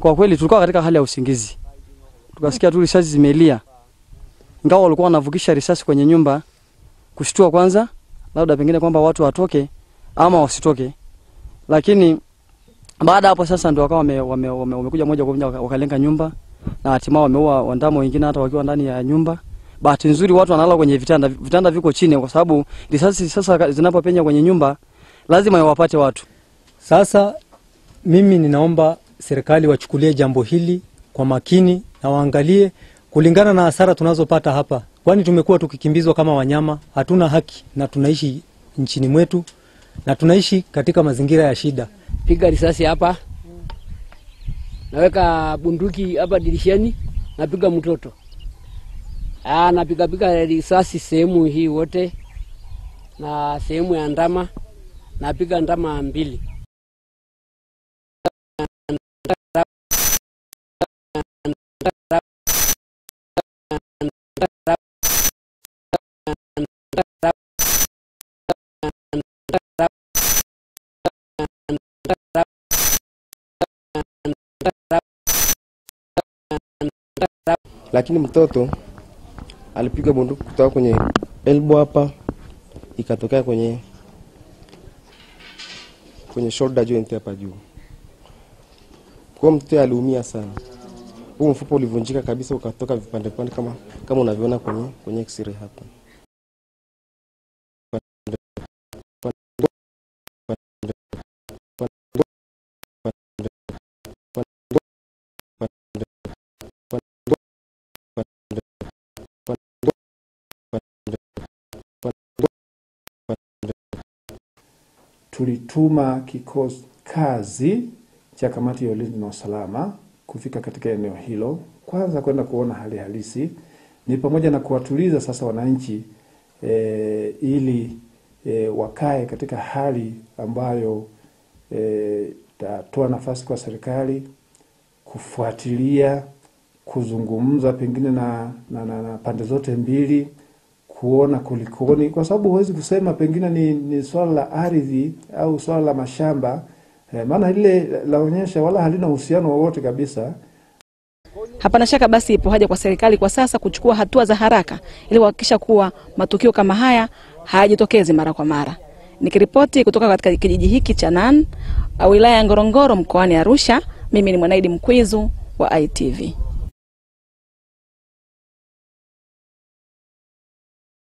Kwa kweli tulikuwa katika hali ya usingizi, tukasikia tu risasi zimelia, ingawa walikuwa wanavukisha risasi kwenye nyumba kushtua kwanza, labda pengine kwamba watu watoke ama wasitoke, lakini baada hapo sasa ndio wakawa wamekuja wame, wame, wame moja kwa moja wakalenga nyumba na hatimaye wameua wandamo wengine hata wakiwa ndani ya nyumba. Bahati nzuri watu wanalala kwenye vitanda, vitanda viko chini, kwa sababu risasi sasa zinapopenya kwenye nyumba lazima iwapate watu. Sasa mimi ninaomba serikali wachukulie jambo hili kwa makini na waangalie kulingana na hasara tunazopata hapa, kwani tumekuwa tukikimbizwa kama wanyama. Hatuna haki na tunaishi nchini mwetu na tunaishi katika mazingira ya shida. Piga risasi hapa, naweka bunduki hapa dirishani, napiga mtoto, piga risasi sehemu hii wote na sehemu ya ndama, napiga ndama mbili. lakini mtoto alipiga bunduki kutoka kwenye elbow hapa ikatokea kwenye kwenye shoulder joint hapa juu. Kwa mtoto aliumia sana, huu mfupa ulivunjika kabisa ukatoka vipande vipande kama, kama unavyoona kwenye, kwenye x-ray hapa. tulituma kikosi kazi cha kamati ya ulinzi na usalama kufika katika eneo hilo, kwanza kwenda kuona hali halisi, ni pamoja na kuwatuliza sasa wananchi e, ili e, wakae katika hali ambayo eh, itatoa e, nafasi kwa serikali kufuatilia, kuzungumza pengine na, na, na, na pande zote mbili kuona kulikoni, kwa sababu huwezi kusema pengine ni, ni swala la ardhi au swala la mashamba eh, maana lile laonyesha wala halina uhusiano wowote kabisa. Hapana shaka basi ipo haja kwa serikali kwa sasa kuchukua hatua za haraka ili kuhakikisha kuwa matukio kama haya hayajitokezi mara kwa mara. Nikiripoti kutoka katika kijiji hiki cha Nan, wilaya ya Ngorongoro mkoani Arusha, mimi ni Mwanaidi Mkwizu wa ITV.